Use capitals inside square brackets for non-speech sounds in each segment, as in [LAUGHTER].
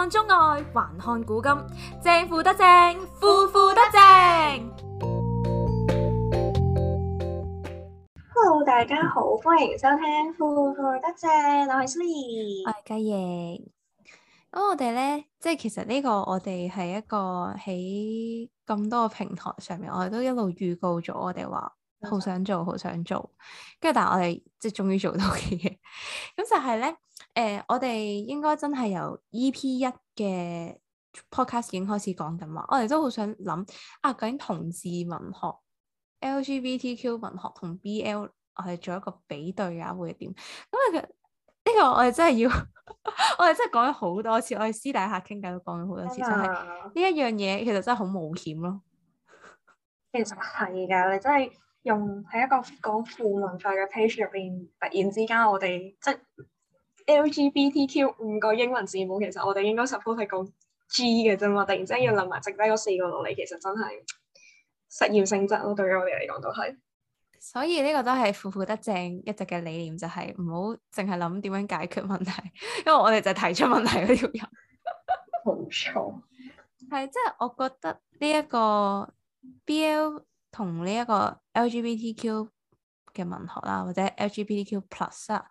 看中外，還看古今。正負得正，腐腐得正。 [NOISE] Hello，大家好，歡迎收聽腐腐得正，我係 Zoe， [NOISE] 我係雞翼。咁我哋咧，即係其實呢個我哋係一個喺咁多個平台上面，我哋都一路預告咗我哋話。好想做，好想做，跟住，但係我哋即係終於做到嘅嘢，咁 [LAUGHS] 就係、是、咧，誒、呃，我哋應該真係由 E.P. 一嘅 podcast 已經開始講緊話，我哋都好想諗啊，究竟同志文學、L.G.B.T.Q. 文學同 B.L. 我哋做一個比對啊，會係點？咁、那、啊、個，呢、這個我哋真係要， [LAUGHS] 我哋真係講咗好多次，我哋私底下傾偈都講咗好多次，真係呢一樣嘢其實真係好冒險咯。其實係噶，你真係。用喺一個講腐文化嘅 page 入邊，突然之間我哋即 LGBTQ 五個英文字母，其實我哋應該十科係講 G 嘅啫嘛，突然之間要諗埋剩低嗰四個落嚟，其實真係實驗性質咯，對於我哋嚟講都係。所以呢個都係腐腐得正一直嘅理念、就是，就係唔好淨係諗點樣解決問題，因為我哋就係提出問題嗰條人。冇 [LAUGHS] 錯錯。係， [LAUGHS] 即係我覺得呢一個 BL 同呢一個。LGBTQ 嘅文學啦，或者 LGBTQ plus 啦，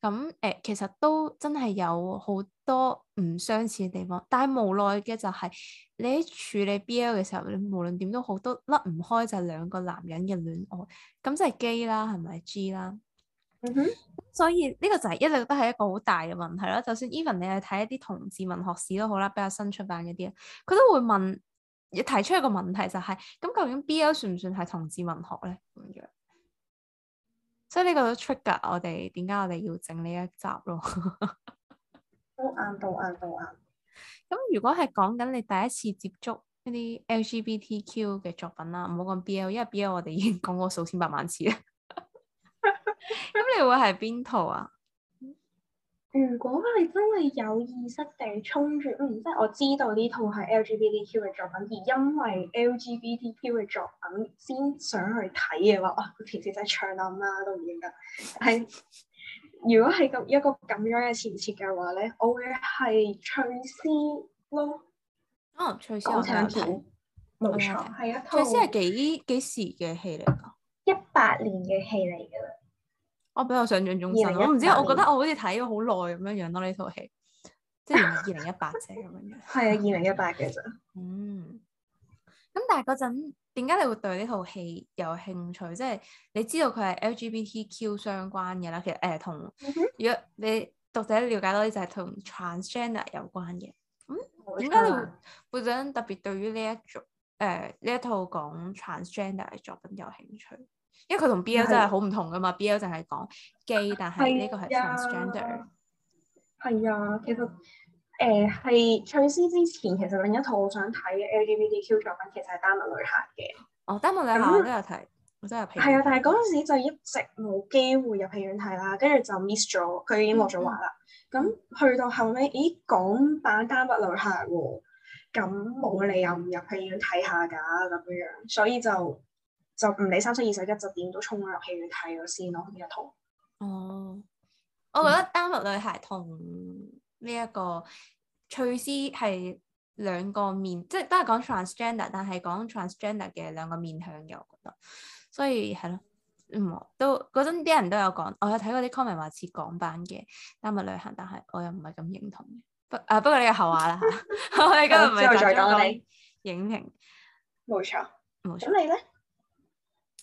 咁、啊、誒其實都真係有好多唔相似嘅地方，但係無奈嘅就係你喺處理 BL 嘅時候，你無論點都好，都甩唔開就係兩個男人嘅戀愛，咁即係 gay 啦，係咪 G 啦？嗯哼，所以呢個就係、是、一直都係一個好大嘅問題啦。就算 even 你去睇一啲同志文學史都好啦，比較新出版嗰啲，佢都會問。你提出一個問題就係、是，咁究竟 BL 算唔算係同志文學咧？咁樣，所以呢個都 trigger 我哋，點解我哋要整呢一集咯 [LAUGHS] ？都啱，都啱，都啱。咁如果係講緊你第一次接觸呢啲 LGBTQ 嘅作品啦，唔好講 BL，因為 BL 我哋已經講過數千百萬次啦。咁 [LAUGHS] [LAUGHS] 你會係邊套啊？如果係真係有意識地衝住，嗯，即係我知道呢套係 LGBTQ 嘅作品，而因為 LGBTQ 嘅作品先想去睇嘅話，哇、哦！佢平時真係唱啊媽，都唔認得。 [LAUGHS] 但如果係咁一個咁樣嘅前設嘅話咧，我會係《翠絲》咯。哦，《翠絲》我想有睇。冇錯，係一套。翠絲係幾幾時嘅戲嚟㗎？一八年嘅戲嚟嘅。啦。我比較想像中心，我唔知，我覺得我好似睇咗好耐咁樣樣咯呢套戲，即係二零一八啫咁樣。係啊，二零一八嘅啫。嗯。咁但係嗰陣點解你會對呢套戲有興趣？即係你知道佢係 LGBTQ 相關嘅啦。其實誒，同、呃 mm hmm. 如果你讀者了解到呢，就係同 transgender 有關嘅。咁點解你會想特別對於呢一種誒呢一套講 transgender 嘅作品有興趣？因為佢同 BL 真係好唔同噶嘛，BL 就係講 gay 但係呢個係 transgender。係啊，其實誒係翠絲之前，其實另一套我想睇嘅 L G B T Q 作品，其實係、哦《丹麥女孩嘅。哦那，《丹麥女孩都有睇，我真係係啊！但係嗰陣時就一直冇機會入戲院睇啦，跟住就 miss 咗。佢已經落咗畫啦。咁、嗯、去到後尾，咦，港版《丹麥女孩喎，咁冇理由唔入戲院睇下噶，咁樣樣，所以就。就唔理三七二十一，就點都衝咗入戲院睇咗先咯，呢一套。哦，我覺得《丹麥女孩》同呢一個翠絲係兩個面，即係都係講 transgender，但係講 transgender 嘅兩個面向嘅，我覺得。所以係咯，嗯，都嗰陣啲人都有講，我有睇過啲 comment 話似港版嘅《丹麥女孩》，但係我又唔係咁認同嘅。不啊，不過呢個後話啦嚇。我哋今日唔係集中講影評情。冇錯，冇錯。咳門歌咁你咧？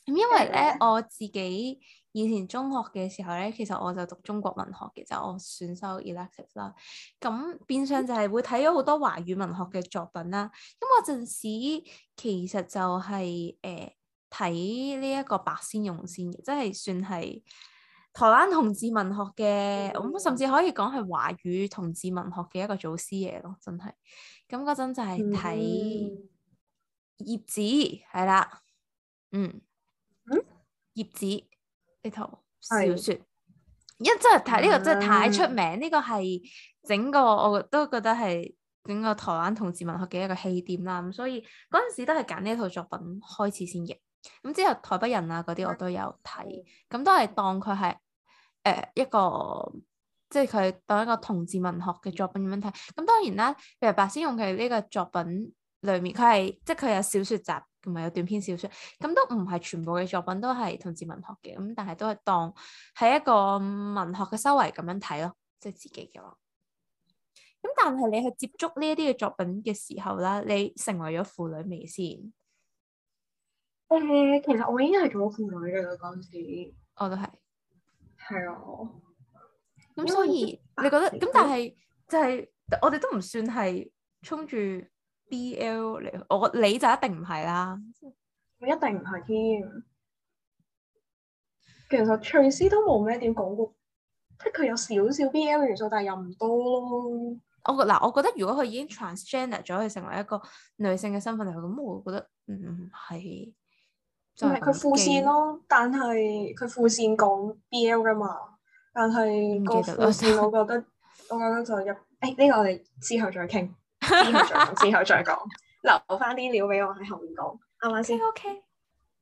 咁因為咧，我自己以前中學嘅時候咧，其實我就讀中國文學嘅，就我選修 elective 啦。咁變相就係會睇咗好多華語文學嘅作品啦。咁嗰陣時其實就係誒睇呢一個白先勇先即係算係台灣同志文學嘅，咁、嗯嗯、甚至可以講係華語同志文學嘅一個祖師爺咯，真係。咁嗰陣就係睇葉子係啦、嗯，嗯。嗯，孽子呢套小說，的因為真係太呢個真係太出名，呢個，嗯，呢個係整個我都覺得係整個台灣同志文學嘅一個起點啦。咁所以嗰陣時都係揀呢套作品開始先嘅。咁之後台北人啊嗰啲我都有睇，咁都係當佢係誒一個即係佢當一個同志文學嘅作品咁樣睇。咁當然啦，譬如白先勇佢呢個作品。裏面佢係即係佢有小說集同埋有短篇小說，咁都唔係全部嘅作品都係同志文學嘅，咁但係都係當係一個文學嘅修為咁樣睇咯，即係自己嘅話。咁但係你去接觸呢一啲嘅作品嘅時候啦，你成為咗婦女未先？誒，其實我已經係做咗婦女噶啦，嗰陣時我都係，係啊的。咁所以你覺得咁，但係就係我哋都唔算係衝住。B L，我你就一定唔係啦，我一定唔係添。其實翠絲都冇咩點講過，即係佢有少少 B L 元素，但係又唔多咯。我嗱，我覺得如果佢已經 transgender 咗，佢成為一個女性嘅身份嚟，咁我會覺得嗯，係。就係佢副線咯，但係佢副線講 B L 㗎嘛，但係個副線我覺得，我覺得就入，誒、哎、呢、呢個我哋之後再傾。之後再講， [LAUGHS] 留翻啲料俾我喺後面講，啱唔啱先？OK，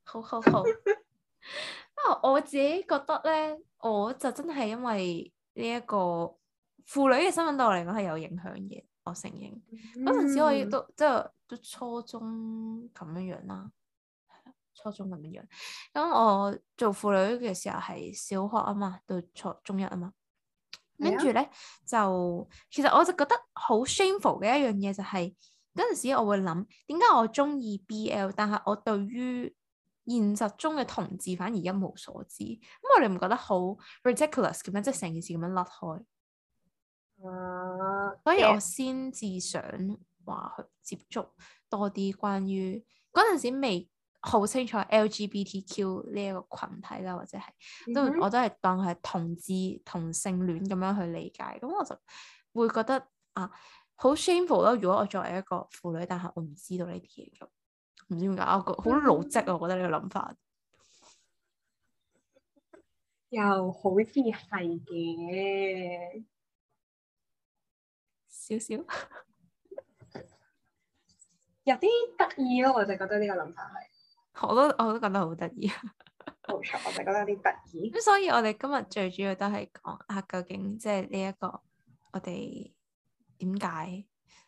好好好。不過 [LAUGHS] 我自己覺得咧，我就真係因為呢、這、一個腐女嘅身份對我嚟講係有影響嘅，我承認。嗰陣、mm hmm. 時我都，即係都初中咁樣樣啦，初中咁樣樣。咁我做腐女嘅時候係小學啊嘛，到初中一啊嘛。跟住咧就，其實我就覺得好 shameful 嘅一樣嘢就係、是，嗰陣時我會諗點解我中意 BL，但係我對於現實中嘅同志反而一無所知，咁、嗯、我哋唔覺得好 ridiculous 咁樣，即係成件事咁樣甩開。Uh, 所以我先至想話去 Yeah. 接觸多啲關於嗰陣時未。好清楚 LGBTQ 呢一個群體啦，或者係、嗯、哼都我都係當係同志同性戀咁樣去理解。咁我就會覺得啊，好 shameful 咯。如果我作為一個腐女，但係我唔知道呢啲嘢咁，唔知點解我好老積啊。我覺得呢個諗法又好似係嘅，少少 [LAUGHS] 有啲得意咯。我就覺得呢個諗法係。我都我都覺得好得意，冇 [LAUGHS] 錯，我就覺得有啲得意。咁 [LAUGHS] 所以，我哋今日最主要都係講啊，究竟即係呢一個我哋點解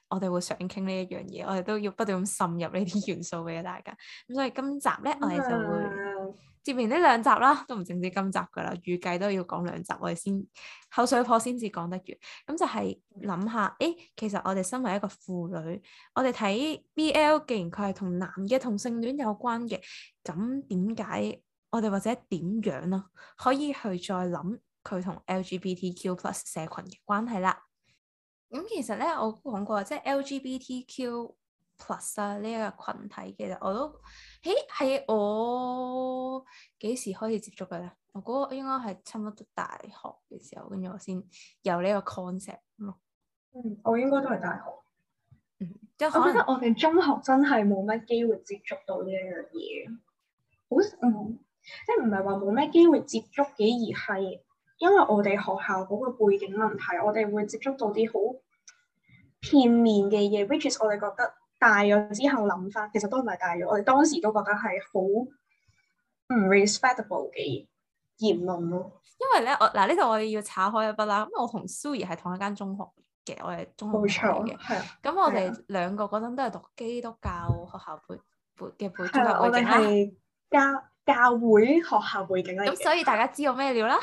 我哋會想傾呢一樣嘢？我哋都要不斷咁滲入呢啲元素俾大家。咁所以，今集咧，我哋就會。嗯啊接完呢兩集啦，都唔淨止今集㗎喇，預計都要講兩集，我哋先口水破先至講得完。咁就係諗下，誒，其實我哋身為一個腐女，我哋睇 BL，既然佢係同男嘅同性戀有關嘅，咁點解我哋或者點樣咯，可以去再諗佢同 LGBTQ+ 社群嘅關係啦。咁其實咧，我講過即係 LGBTQ Plus 啊，呢一個群體其實我都，誒，係我幾時開始接觸嘅咧？我估應該係差唔多讀大學嘅時候，跟住我先有呢個 concept 咯。嗯，我應該都係大學。嗯，即係我覺得我哋中學真係冇乜機會接觸到呢一樣嘢。好，嗯，即係唔係話冇咩機會接觸嘅，而係因為我哋學校嗰個背景問題，我哋會接觸到啲好片面嘅嘢，which is 我哋覺得。大咗之後諗翻，其實都唔係大咗，我哋當時都覺得係好唔 respectable 嘅言論咯。論因為咧，我嗱呢度我哋要炒開一筆啦。咁我同 Suey 係同一間中學嘅，我哋中學嘅。冇錯。係。咁我哋兩的個嗰陣都係讀基督教學校背背嘅背景。我哋係教教會學校背景。咁所以大家知我咩料啦？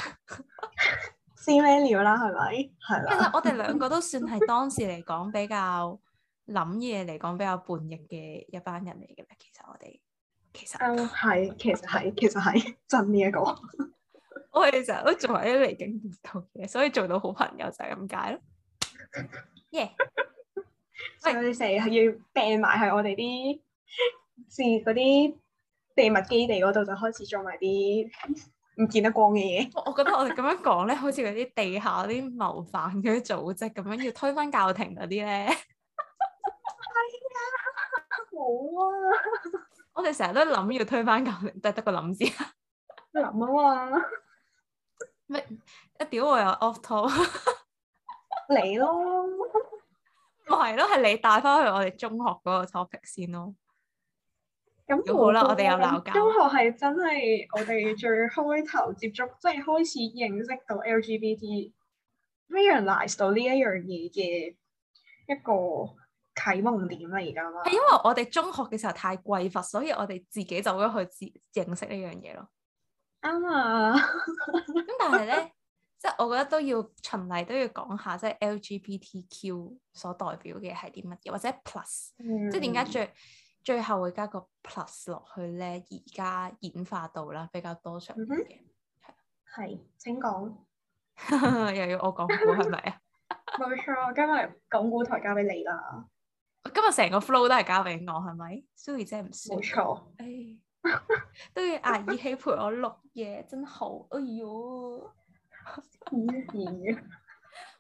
[LAUGHS] 知咩料啦？係咪？係啦。其實我哋兩個都算係當時嚟講比較。 [LAUGHS] [LAUGHS] 諗嘢嚟講比較叛逆嘅一班人嚟嘅咩？其實我哋其實係，其實係、哦，其實係真呢、這、一個。 [LAUGHS] 我哋其實都做埋啲離經叛道嘅，所以做到好朋友就係咁解咯。耶、yeah. [LAUGHS] 嗯！我哋成日要掟埋喺我哋啲自嗰啲秘密基地嗰度就開始做埋啲唔見得光嘅嘢。我 [LAUGHS] 我覺得我哋咁樣講咧，好似嗰啲地下嗰啲謀反嗰啲組織咁樣，要推翻教廷嗰啲咧。 [LAUGHS] 好 [LAUGHS] 啊！ [LAUGHS] 我哋成日都諗要推翻舊，但係得個諗字諗啊嘛。咩一屌我又 off topic 嚟咯？唔係咯，係你帶翻去我哋中學嗰個 topic 先咯。咁好啦，我哋有鬧交。中學係真係我哋最開頭接觸，即係 [LAUGHS] 開始認識到 LGBT，realize [LAUGHS] 到呢一樣嘢嘅一個啟蒙點啦，而家係因為我哋中學嘅時候太匱乏，所以我哋自己就會去自認識呢樣嘢咯。啱啊呢！咁但係咧，即係我覺得都要循例都要講下，即係 LGBTQ 所代表嘅係啲乜嘢，或者 Plus、嗯、即係點解最最後會加個 Plus 落去咧？而家演化到啦，比較多出嘅係，請講 [LAUGHS] 又要我講古係咪啊？冇錯， [LAUGHS] 今日講古台交俾你啦。今日成個 flow 都係交俾我，係咪？Sorry，真係唔算。冇錯。哎， [LAUGHS] 都要阿耳喜陪我錄嘢，真好。哎喲， [LAUGHS] 嗯嗯嗯、好自然嘅。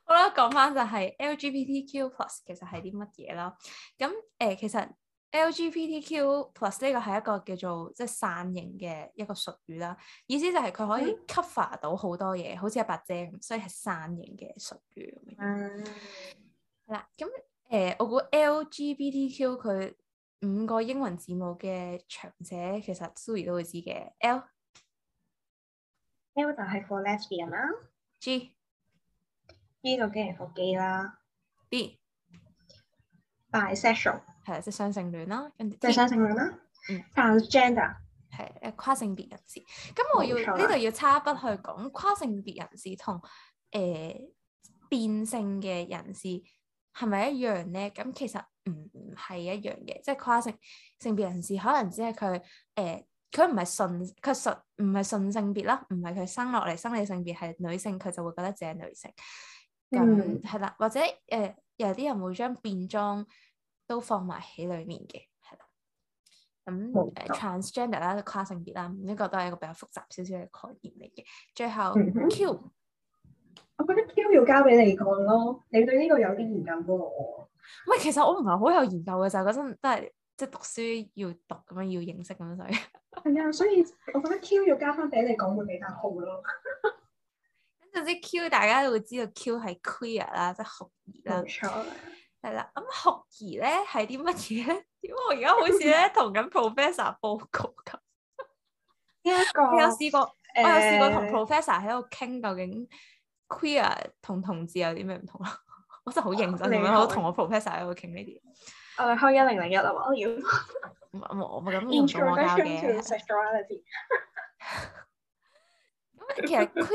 好啦，講翻就係 LGBTQ plus 其實係啲乜嘢啦？咁誒，其實 LGBTQ plus 呢、呃、個係一個叫做即係、就是、散型嘅一個術語啦。意思就係佢可以 cover 到多、嗯、好多嘢，好似阿伯姐咁，所以係散型嘅術語咁樣。係啦、嗯，咁。誒、呃，我估 LGBTQ 佢五個英文字母嘅長者，其實 Suri 都會知嘅。L，L 就係 for lesbian 啦。G 呢度梗係 for gay 啦。B bisexual 係即係雙性戀啦。即係雙性戀啦。嗯，transgender 係誒跨性別人士。咁我要呢度要差一筆去講跨性別人士同誒、呃、變性嘅人士。係咪一樣咧？咁其實唔係一樣嘅，即係跨性性別人士可能只係佢誒，佢唔係順，佢順唔係順性別啦，唔係佢生落嚟生理性別係女性，佢就會覺得自己係女性。咁係啦，或者誒、呃，有啲人會將變裝都放埋喺裏面嘅，係啦。咁 transgender 啦，跨、呃、錯性別啦，呢個都係一個比較複雜少少嘅概念嚟嘅。最後、嗯、哼 Q。我覺得 Q 要交俾你講咯，你對呢個有啲研究，過我唔係，其實我唔係好有研究嘅，就係嗰陣都係即係讀書要讀咁樣，要認識咁樣，所以係啊， [LAUGHS] 所以我覺得 Q 要交翻俾你講會比較好咯。咁 [LAUGHS] 就知 Q 大家都會知道 Q 係 queer、er 就是、啦，即係、嗯、學兒啦。冇錯，係 [LAUGHS] 啦。咁學兒咧係啲乜嘢咧？點解我而家好似咧同緊 professor 報告咁？呢 [LAUGHS] 一個 [LAUGHS] 我有試過，呃、我有試過同 professor 喺度傾究竟。queer 同同志有啲咩唔同咯？ [LAUGHS] 我真係好認真，你好同我 professor 喺度傾呢啲。我哋開一零零一啊嘛，我唔，我唔咁唔同我咁其實 queer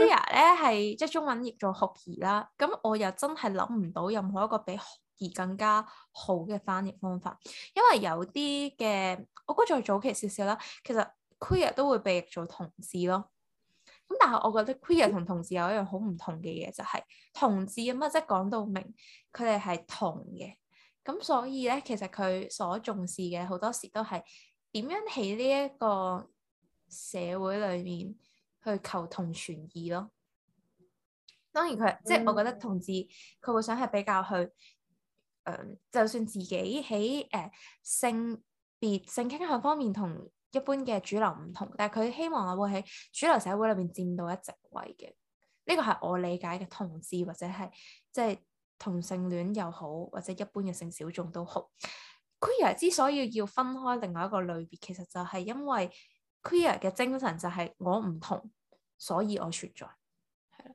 咧係即係中文譯做酷兒啦。咁我又真係諗唔到任何一個比酷兒更加好嘅翻譯方法，因為有啲嘅我覺得再早期少少啦，其實 queer 都會被譯做同志咯。咁但係我覺得 queer 同同志有一樣好唔同嘅嘢，就係同志咁啊，即係講到明佢哋係同嘅。咁所以咧，其實佢所重視嘅好多時都係點樣喺呢一個社會裏面去求同存異咯。當然佢即係我覺得同志佢會想係比較去，誒、呃，就算自己喺誒、呃、性別性傾向方面同。一般嘅主流唔同，但係佢希望我會喺主流社會裏邊佔到一席位嘅。呢、這個係我理解嘅同志或者係即係同性戀又好，或者一般嘅性小眾都好。Queer [NOISE] 之所以要分開另外一個類別，其實就係因為 Queer 嘅精神就係我唔同，所以我存在。係啦，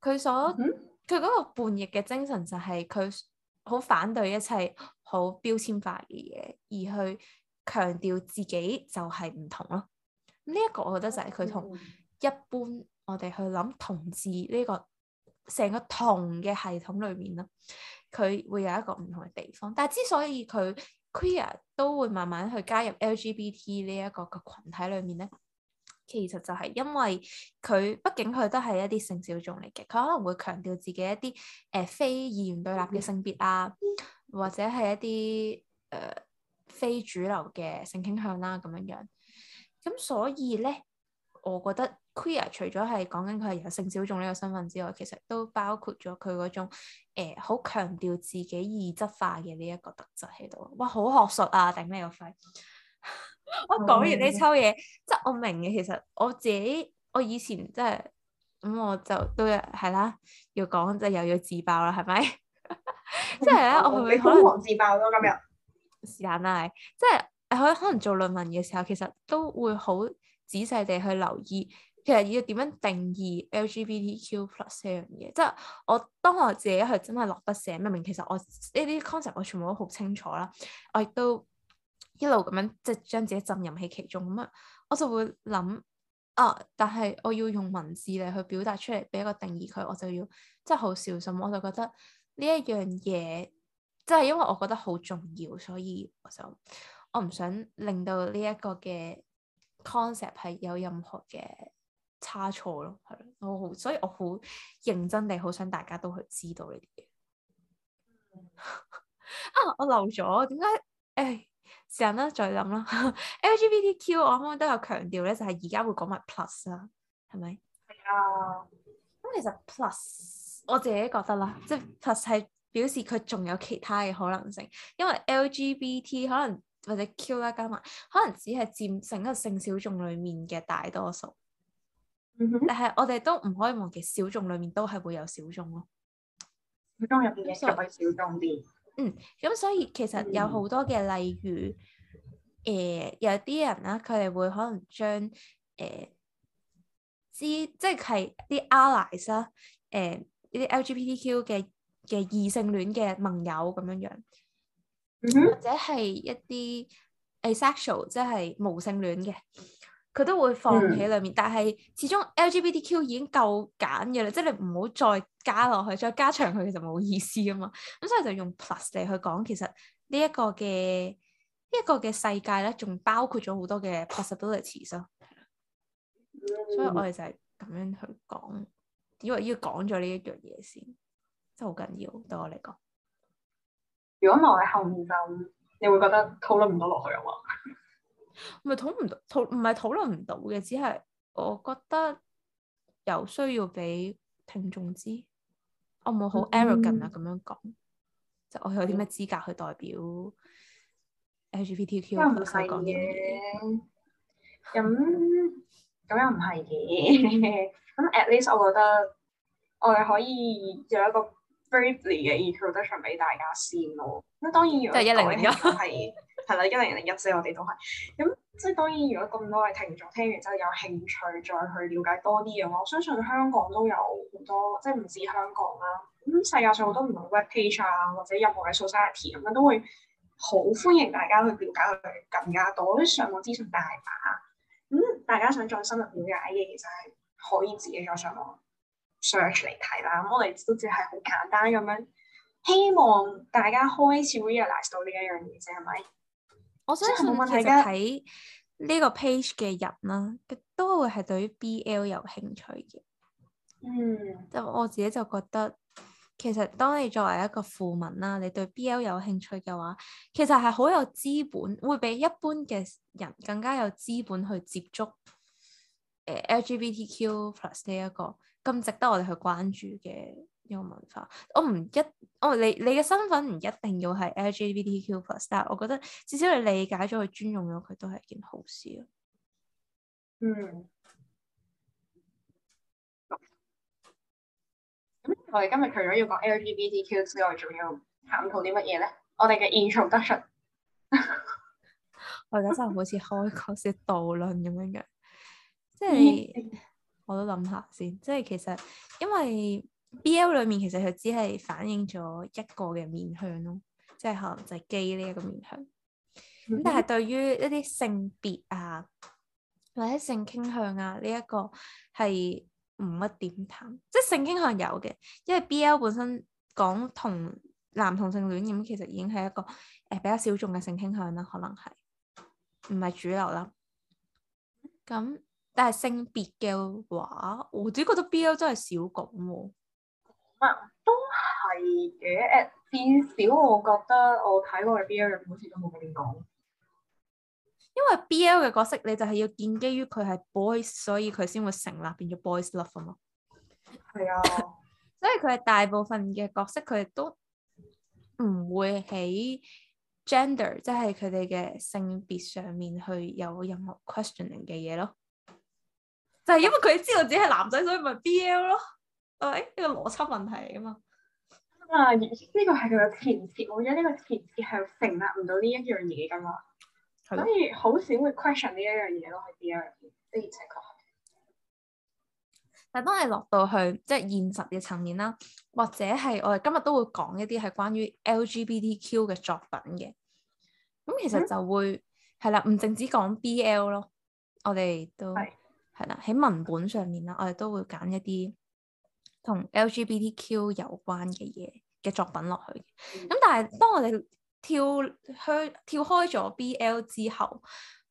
佢所佢嗰、嗯、個叛逆嘅精神就係佢好反對一切好標籤化嘅嘢，而去。強調自己就係唔同咯，呢一個我覺得就係佢同一般我哋去諗同志呢個成個同嘅系統裏面咯，佢會有一個唔同嘅地方。但係之所以佢 queer 都會慢慢去加入 LGBT 呢一個嘅群體裏面咧，其實就係因為佢畢竟佢都係一啲性小眾嚟嘅，佢可能會強調自己一啲誒非二元對立嘅性別啊，嗯、或者係一啲誒。呃非主流嘅性傾向啦、啊，咁樣樣，咁所以咧，我覺得 queer 除咗係講緊佢係有性小眾呢個身份之外，其實都包括咗佢嗰種誒好強調自己意質化嘅呢一個特質喺度。哇，好學術啊！頂你個肺！嗯、 [LAUGHS] 我講完呢抽嘢，嗯、即係我明嘅。其實我自己，我以前即係咁，我就都有係啦，要講即係又要自爆啦，係咪？ [LAUGHS] 即係是啊！嗯、我會好自爆咯，今日。時間啦，即係可可能做論文嘅時候，其實都會好仔細地去留意。其實要點樣定義 LGBTQ+ 呢樣嘢？即係我當我自己係真係落筆寫，明明其實我呢啲 concept 我全部都好清楚啦。我亦都一路咁樣即係將自己浸入喺其中咁樣，我就會諗啊，但係我要用文字嚟去表達出嚟，俾一個定義佢，我就要即係好小心。我就覺得呢一樣嘢。即係因為我覺得好重要，所以我就我唔想令到呢一個嘅 concept 係有任何嘅差錯咯，係咯，我好，所以我好認真地好想大家都去知道呢啲嘢。 [LAUGHS] 啊，我漏咗點解？誒，陣啦，再諗啦。 [LAUGHS] LGBTQ 我啱啱都有強調咧，就係而家會講埋 Plus 啦，係咪？係啊的。咁其實 Plus 我自己覺得啦，即係的。即係 plus 係。表示佢仲有其他嘅可能性，因為 LGBT 可能或者 Q 啦加埋，可能只係佔成個性小眾裏面嘅大多數，嗯、哼但係我哋都唔可以忘記小眾裏面都係會有小眾咯。當入邊嘅小眾可以小眾啲。嗯，咁所以其實有好多嘅例如，誒、嗯呃、有啲人啦、啊，佢哋會可能將誒、呃、知即係啲 allies 啦、啊，誒呢啲 LGBTQ 嘅。嘅異性戀嘅盟友咁樣樣，mm hmm. 或者係一啲 asexual 即係無性戀嘅，佢都會放喺裏面。Mm hmm. 但係始終 LGBTQ 已經夠揀嘅啦，即係你唔好再加落去，再加長佢就冇意思啊嘛。咁所以就用 plus 嚟去講，其實呢一個嘅呢一個嘅世界咧，仲包括咗好多嘅 pos、mm hmm. sibilities 咯。所以我哋就係咁樣去講，因為要講咗呢一樣嘢先。真係好緊要對我嚟講。如果唔係我喺後面就，就你會覺得討論唔到落去啊嘛？唔係討論唔到，討唔係討論唔到嘅，只係我覺得有需要俾聽眾知，我冇好 arrogant 啊咁、嗯、樣講，即我有啲咩資格去代表 LGBTQ？咁咁又唔係嘅，咁 [LAUGHS] at least 我覺得我哋可以有一個。Bravely 嘅 introduction 俾大家先咯，咁當然如果講嘅其實係係啦，一零零一啫，我哋都係，咁即係當然如果咁多位聽眾，聽完之後有興趣再去了解多啲嘅話，我相信香港都有好多，即係唔止香港啦、啊，咁世界上好多唔同 website 啊，或者任何嘅 society 咁樣都會好歡迎大家去了解佢哋。更加多，啲上網資訊大把，咁、嗯、大家想再深入了解嘅，其實係可以自己再上網。嚟睇啦，咁、嗯、我哋都只係好簡單咁樣，希望大家開始 realise 到呢一樣嘢，啫係咪？我想係其實睇呢個 page 嘅人啦、啊，都會係對於 BL 有興趣嘅。嗯，就我自己就覺得，其實當你作為一個腐民啦、啊，你對 BL 有興趣嘅話，其實係好有資本，會比一般嘅人更加有資本去接觸誒 LGBTQ+ 呢一個。咁值得我哋去關注嘅一個文化，我、哦、唔一我、哦、你你嘅身份唔一定要係 LGBTQ plus，但係我覺得至少你理解咗佢，尊重咗佢都係一件好事咯。嗯。咁我哋今日除咗要講 LGBTQ 之外，仲要探討啲乜嘢咧？我哋嘅 introduction [LAUGHS] 我覺得真係好似開嗰啲辯論咁樣嘅，即係。嗯。我都諗下先，即係其實，因為 BL 裏面其實佢只係反映咗一個嘅面向咯，即係可能就係基呢一個面向。咁但係對於一啲性別啊，或者性傾向啊呢、這個、一個係唔乜點談，即係性傾向有嘅，因為 BL 本身講同男同性戀咁，其實已經係一個誒、呃、比較小眾嘅性傾向啦，可能係唔係主流啦。咁。但係性別嘅話，我自己覺得 BL 真係少講喎。乜都係嘅，誒，至少我覺得我睇過嘅 BL 好似都冇點講。因為 BL 嘅角色，你就係要建基於佢係 boys，所以佢先會成立變咗 boys love 啊嘛。係啊， [LAUGHS] 所以佢係大部分嘅角色，佢都唔會喺 gender，即係佢哋嘅性別上面去有任何 questioning 嘅嘢咯。但係因為佢知道自己係男仔，所以咪 BL 咯，係呢個邏輯問題嚟噶嘛？啊，呢、這個係佢嘅前提或者呢個前提係成立唔到呢一樣嘢噶嘛，的所以好少會 question 呢一樣嘢咯，喺 BL 的而且確。但係當你落到去即係、就是、現實嘅層面啦，或者係我哋今日都會講一啲係關於 LGBTQ 嘅作品嘅，咁其實就會係啦，唔淨、嗯、止講 BL 咯，我哋都。係啦，喺文本上面啦，我哋都會揀一啲同 LGBTQ 有關嘅嘢嘅作品落去，去。咁但係當我哋跳去跳開咗 BL 之後，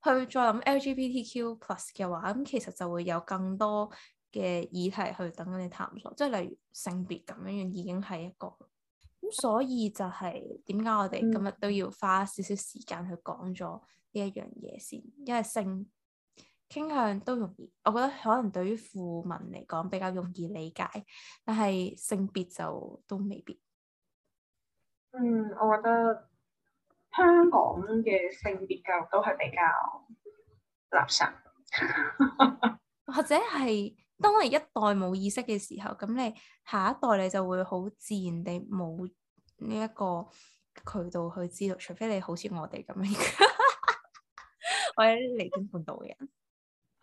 去再諗 LGBTQ plus 嘅話，咁其實就會有更多嘅議題去等你探索。即係例如性別咁樣樣，已經係一個咁，所以就係點解我哋今日都要花少少時間去講咗呢一樣嘢先，因為性。傾向都容易，我覺得可能對於腐文嚟講比較容易理解，但係性別就都未必。嗯，我覺得香港嘅性別教育都係比較垃圾， [LAUGHS] 或者係當你一代冇意識嘅時候，咁你下一代你就會好自然地冇呢一個渠道去知道，除非你好似我哋咁樣，或者離經叛道嘅人。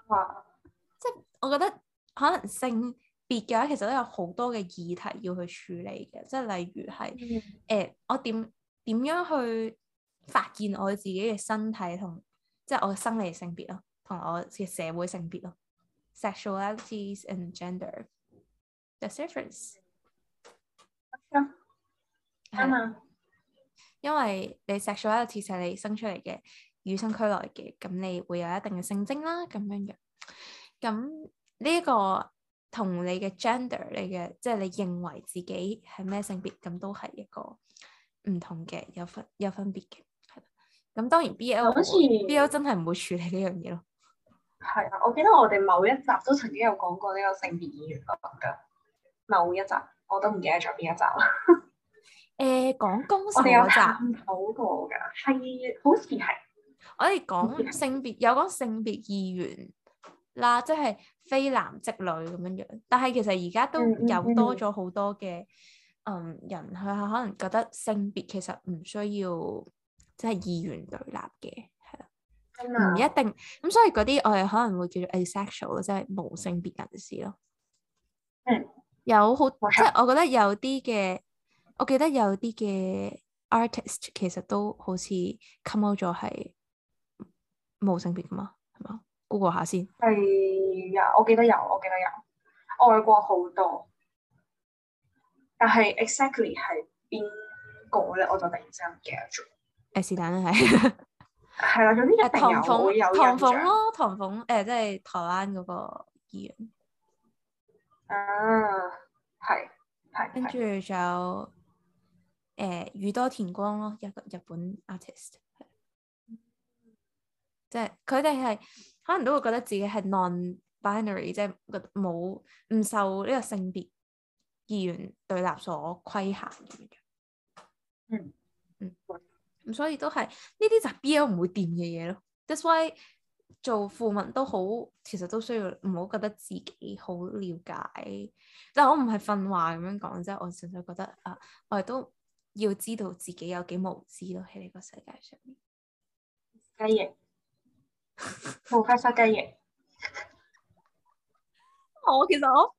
即係我覺得可能性別嘅話，其實都有好多嘅議題要去處理嘅，即係例如係誒、mm hmm. 欸，我點點樣，樣去發現我自己嘅身體同即係我嘅生理性別咯，同我嘅社會性別咯、mm hmm.，sexualities and gender the、difference. s i f f r e n c e 啊，因為你 sexualities 係你生出嚟嘅。與生俱來嘅，咁你會有一定嘅性徵啦，咁樣樣。咁呢個同你嘅 gender，你嘅即係你認為自己係咩性別，咁都係一個唔同嘅，有分有分別嘅。係，咁當然 B L 好似 B L 真係唔會處理呢樣嘢咯。係啊，我記得我哋某一集都曾經有講過呢個性別二元論噶，某一集我都唔記得咗邊一集啦。誒、 [LAUGHS] 欸，講公司嗰集，我探討過噶，係好似係。我哋講性別有講性別二元啦，即係非男即女咁樣樣。但係其實而家都有多咗好多嘅嗯人，佢可能覺得性別其實唔需要即係二元對立嘅，係啦，唔一定。咁所以嗰啲我哋可能會叫做 asexual，即係冇性別人士咯。有好 [LAUGHS] 即係，我覺得有啲嘅，我記得有啲嘅 artist 其實都好似 come out 咗係。冇性別噶嘛？係嘛？Google 下先。係、哎、呀，我記得有，我記得有，外國好多，但係 exactly 係邊個咧？我就突然之間唔記得咗。誒，係但啦，係係啦，總 [LAUGHS] 之一定有唐鳳有印象咯。唐鳳誒，即、呃、係、就是、台灣嗰個議員啊，係係，跟住仲有誒宇多田光咯，一個日本 artist。即係佢哋係可能都會覺得自己係 non-binary，即係覺冇唔受呢個性別二元對立所規限咁樣。嗯嗯，咁、嗯、所以都係呢啲就係 BL 唔會掂嘅嘢咯。That's why 做腐文都好，其實都需要唔好覺得自己好了解。但係我唔係訓話咁樣講啫，我純粹覺得啊、呃，我都要知道自己有幾無知咯，喺呢個世界上面。嘉冇拍殺雞翼， [LAUGHS] 我其實我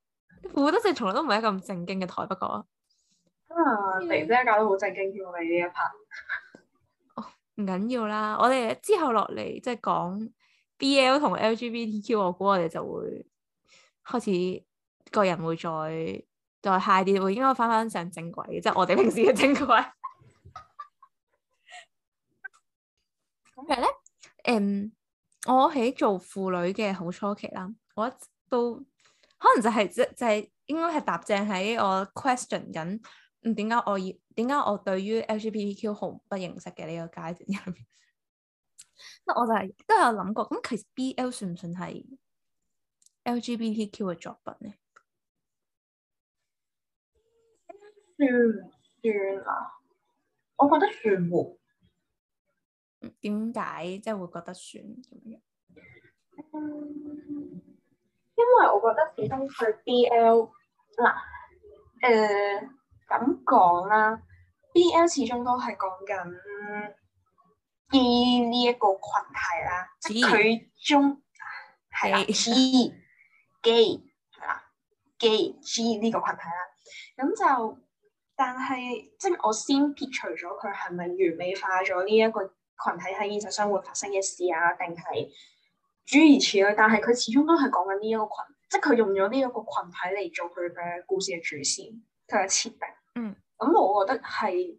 腐腐得正從來都唔係一個咁正經嘅台，不過啊，肥仔搞得好正經添，你呢一 part 唔緊要啦，我哋之後落嚟即係講 B L 同 L G B T Q，我估我哋就會開始個人會再再 high 啲，會應該翻翻上正軌，即係我哋平時嘅正軌。咁其咧，嗯。 [LAUGHS] 我喺做腐女嘅好初期啦，我一直都可能就係、係、即就係、係就係、應該係答正喺我 question 緊，點、嗯、解我以點解我對於 LGBTQ 毫不認識嘅呢個階段入面， [LAUGHS] 我就係、係、都有諗過。咁其實 BL 算唔算係 LGBTQ 嘅作品咧？算唔算啊？我覺得算喎。點解即係會覺得算咁樣、嗯？因為我覺得始終佢 BL 嗱，誒咁講啦，BL 始終都係講緊 G 呢一個群體啦，g, 即係佢中係 g gay 係啦 g, [LAUGHS] g G 呢個群體啦，咁就但係即係我先撇除咗佢係咪完美化咗呢一個？群體喺現實生活發生嘅事啊，定係諸如此類，但係佢始終都係講緊呢一個群，即係佢用咗呢一個群體嚟做佢嘅故事嘅主線，佢嘅設定。嗯，咁我覺得係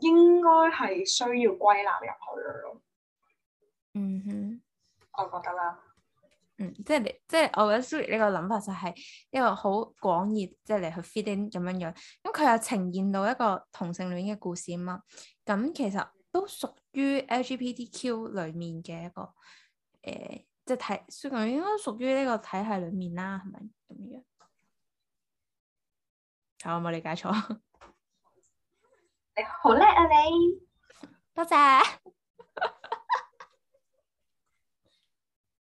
應該係需要歸納入去咯。嗯哼我嗯，我覺得啦。嗯，即係你，即係我覺得蘇月呢個諗法就係一個好廣義，即係嚟去 feeding 咁樣樣。咁佢又呈現到一個同性戀嘅故事啊嘛。咁其實。都屬於 LGBTQ 裏面嘅一個誒、呃，即係體，應該屬於呢個體系裏面啦，係咪咁樣？係、oh, 我冇理解錯。你好叻啊！你多謝。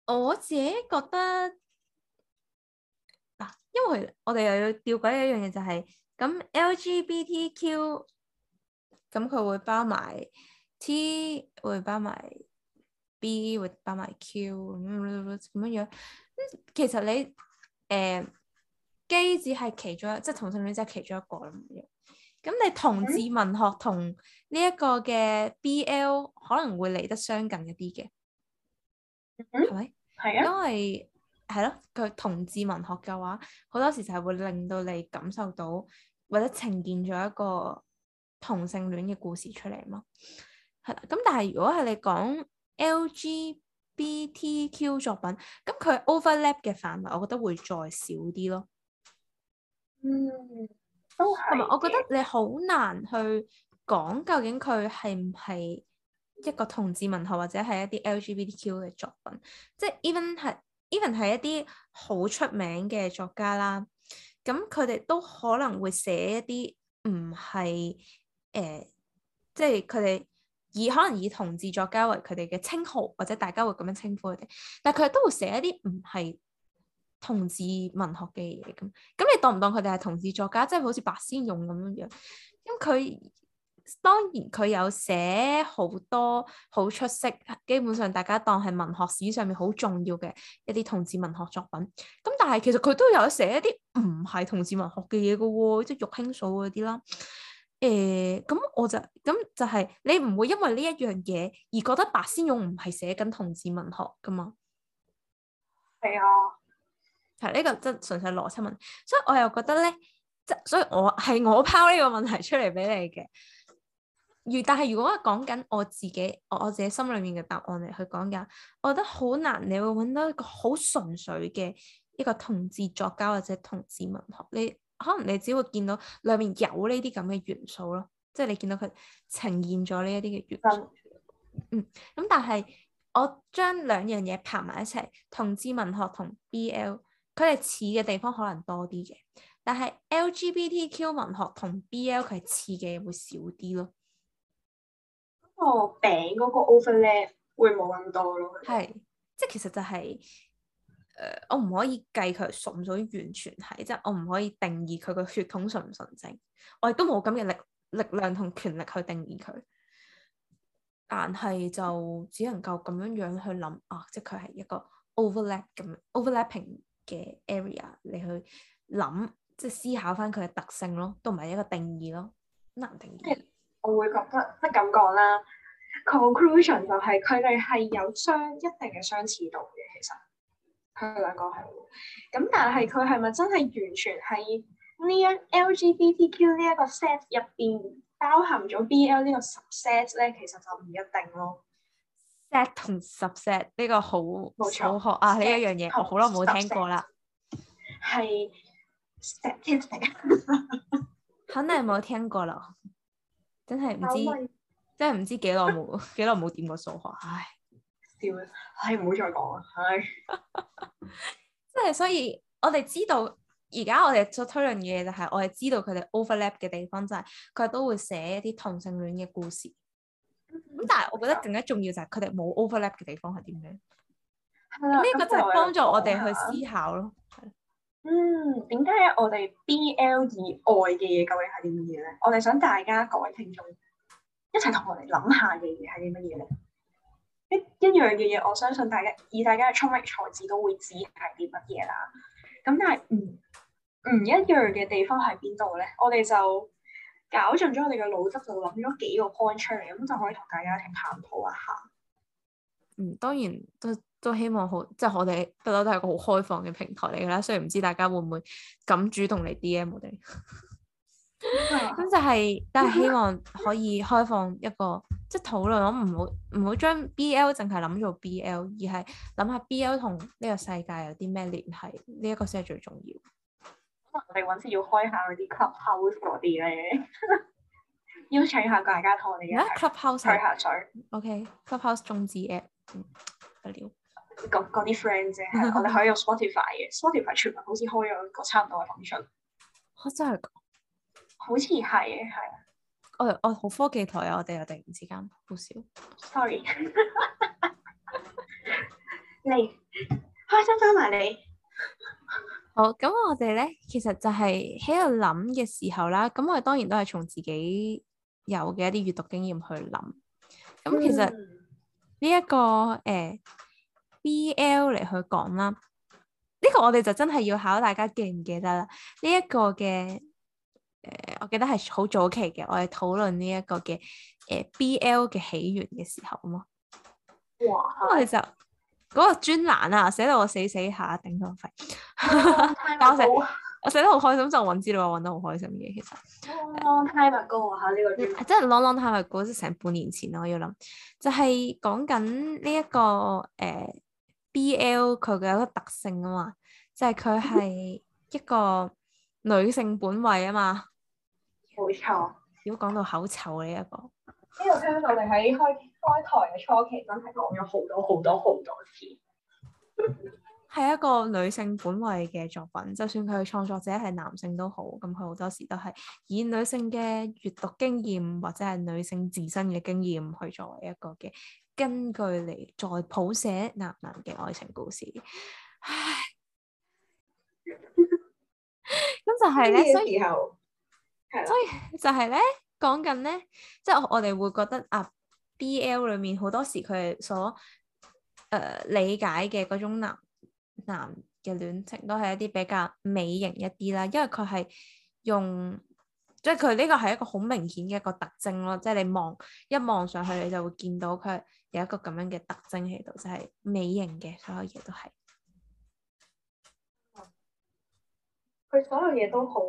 我自己覺得嗱、啊，因為我哋又要吊詭一樣嘢就係、是、咁 LGBTQ，咁佢會包埋。T 會包埋 B 會包埋 Q 咁樣樣其實你誒，基只係其中一，即係同性戀，即係其中一個啦。咁你同志文學同呢一個嘅 BL 可能會嚟得相近一啲嘅，係咪？係啊，因為係咯，佢同志文學嘅話，好多時就係會令到你感受到或者呈現咗一個同性戀嘅故事出嚟嘛。咁但係如果係你講 LGBTQ 作品，咁佢 overlap 嘅範圍，我覺得會再少啲咯。嗯，都係同埋，同我覺得你好難去講究竟佢係唔係一個同志文學或者係一啲 LGBTQ 嘅作品。即係 even 係 even 係一啲好出名嘅作家啦，咁佢哋都可能會寫一啲唔係誒，即係佢哋。以可能以同志作家為佢哋嘅稱號，或者大家會咁樣稱呼佢哋，但係佢哋都會寫一啲唔係同志文學嘅嘢咁。咁你當唔當佢哋係同志作家？即係好似白先勇咁樣樣。因為佢當然佢有寫好多好出色，基本上大家當係文學史上面好重要嘅一啲同志文學作品。咁但係其實佢都有寫一啲唔係同志文學嘅嘢噶，即係玉卿嫂嗰啲啦。誒，咁、欸、我就咁就係，你唔會因為呢一樣嘢而覺得白先勇唔係寫緊同志文學噶嘛？係啊、嗯，係呢個真純粹邏輯文，所以我又覺得咧，即所以我係我拋呢個問題出嚟俾你嘅。如但係如果講緊我自己，我我自己心裏面嘅答案嚟去講嘅，我覺得好難，你會揾到一個好純粹嘅一個同志作家或者同志文學呢？你可能你只會見到裏面有呢啲咁嘅元素咯，即係你見到佢呈現咗呢一啲嘅元素。嗯，咁但係我將兩樣嘢拍埋一齊，同志文學同 BL，佢係似嘅地方可能多啲嘅，但係 LGBTQ 文學同 BL 佢係似嘅會少啲咯。個餅嗰個 overlap 會冇咁多咯。係，即係其實就係、是。誒，我唔可以計佢屬唔屬於完全係，即係我唔可以定義佢個血統純唔純正。我亦都冇咁嘅力力量同權力去定義佢，但係就只能夠咁樣樣去諗啊，即係佢係一個 overlap 咁，overlapping 嘅 area 你去諗，即係思考翻佢嘅特性咯，都唔係一個定義咯。難定義，即我會覺得，即感咁啦。Conclusion 就係佢哋係有相一定嘅相似度嘅，其實。佢兩個係、啊，咁但係佢係咪真係完全係呢一 LGBTQ 呢一個 set 入邊包含咗 BL 個呢個 subset 咧？其實就唔一定咯。set 同 subset 呢個好數學錯啊！呢一樣嘢我好耐冇聽過啦。係 set ten, ten, ten. [LAUGHS] 肯定十？好耐冇聽過啦，真係唔知， [LAUGHS] 真係唔知幾耐冇幾耐冇掂過數學，唉。係唔好再講啦，係、哎，即係 [LAUGHS] 所以，我哋知道而家我哋所推論嘅嘢就係，我哋知道佢哋 overlap 嘅地方就係，佢都會寫一啲同性戀嘅故事。咁、嗯、但係，我覺得更加重要就係，佢哋冇 overlap 嘅地方係點樣？呢個的就係幫助我哋去思考咯。嗯，點解我哋 BL 以外嘅嘢，究竟係啲乜嘢咧？我哋想大家各位聽眾一齊同我哋諗下嘅嘢係啲乜嘢咧？一一樣嘅嘢，我相信大家以大家嘅聰明才智都會知係啲乜嘢啦。咁但係唔唔一樣嘅地方喺邊度咧？我哋就搞盡咗我哋嘅腦汁，就諗咗幾個 point 出嚟，咁就可以同大家一齊探討一下。嗯，當然都都希望好，即係我哋不嬲都係個好開放嘅平台嚟噶啦。雖然唔知大家會唔會咁主動嚟 DM 我哋，咁 [LAUGHS] [LAUGHS] [LAUGHS] 就係都係希望可以開放一個。即係討論，我唔好唔好將 BL 淨係諗做 BL，而係諗下 BL 同呢個世界有啲咩聯繫，呢一個先係最重要。可能我哋揾先要開下嗰啲 clubhouse 嗰啲咧，邀 [LAUGHS] 請下大家同我哋一 clubhouse 吹下水。OK，clubhouse、okay. 中字 app 得、嗯、 [LAUGHS] 了。嗰嗰啲 friend 啫，我哋可以用 Spotify 嘅，Spotify 全文好似開咗個差唔多嘅 function 真係？好似係係。我我好科技台啊！我哋又突然之間好少，sorry。 [LAUGHS] 嚟 [LAUGHS] ，開心翻埋你。好，咁我哋咧，其實就係喺度諗嘅時候啦。咁我哋當然都係從自己有嘅一啲閱讀經驗去諗。咁其實呢、這、一個誒，B L 嚟去講啦。呢、這個我哋就真係要考大家記唔記得啦？呢、這、一個嘅。誒、呃，我記得係好早期嘅，我哋討論呢一個嘅誒、呃、BL 嘅起源嘅時候啊嘛，因為就嗰個專欄啊，寫到我、那個啊、我死死、死下頂到肺，但係 [LAUGHS] [LAUGHS] 我寫得好開心，就搵資料啊，搵得好開心嘅其實。long long time ago 啊，吓呢、這個、嗯、真係，即係 long long time ago，即係成半年前我要諗，就係、是、講緊呢一個誒、呃、BL 佢嘅一個特性啊嘛，即係佢係一個。 [LAUGHS] 女性本位啊嘛，好臭！如果講到口臭呢一個，呢度聽我哋喺開開台嘅初期真係講咗好多好多好多次，係一個女性本位嘅作品，就算佢嘅創作者係男性都好，咁佢好多時都係以女性嘅閱讀經驗或者係女性自身嘅經驗去作為一個嘅根據嚟再譜寫男男嘅愛情故事，唉。咁就係咧，所以，的所以就係咧，講緊咧，即係我哋會覺得啊，BL 裏面好多時佢所誒、呃、理解嘅種男男嘅戀情，都係一啲比較美型一啲啦，因為佢係用，即係佢呢個係一個好明顯嘅一個特徵咯，即係你望一望上去，你就會見到佢有一個咁樣嘅特徵喺度，就係美型嘅所有嘢都係。佢所有嘢都好，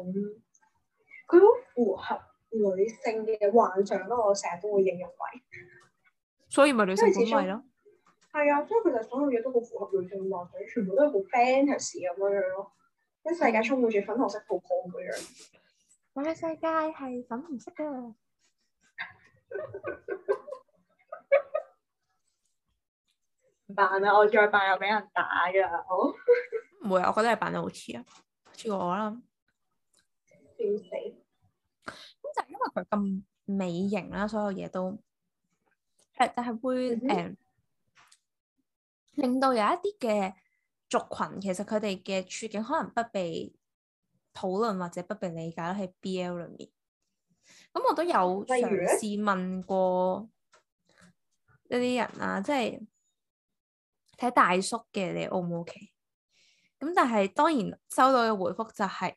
佢都符合女性嘅幻想咯。我成日都會形容為，所以咪女性好貴咯。係啊，所以佢就所有嘢都好符合女性幻想，全部都係好 fantasy 咁樣樣咯。啲世界充滿住粉紅色泡泡嗰樣，我嘅世界係粉紅色嘅。扮啊！ [LAUGHS] 我再扮又俾人打噶，我唔會啊！我覺得係扮得好似啊。住我啦！笑死！咁就係因為佢咁美型啦，所有嘢都係、呃、就係、是、會誒、呃，令到有一啲嘅族群，其實佢哋嘅處境可能不被討論或者不被理解喺 BL 裏面。咁我都有嘗試問過一啲人啊，即係睇大叔嘅，你 O 唔 OK？咁但係當然收到嘅回覆就係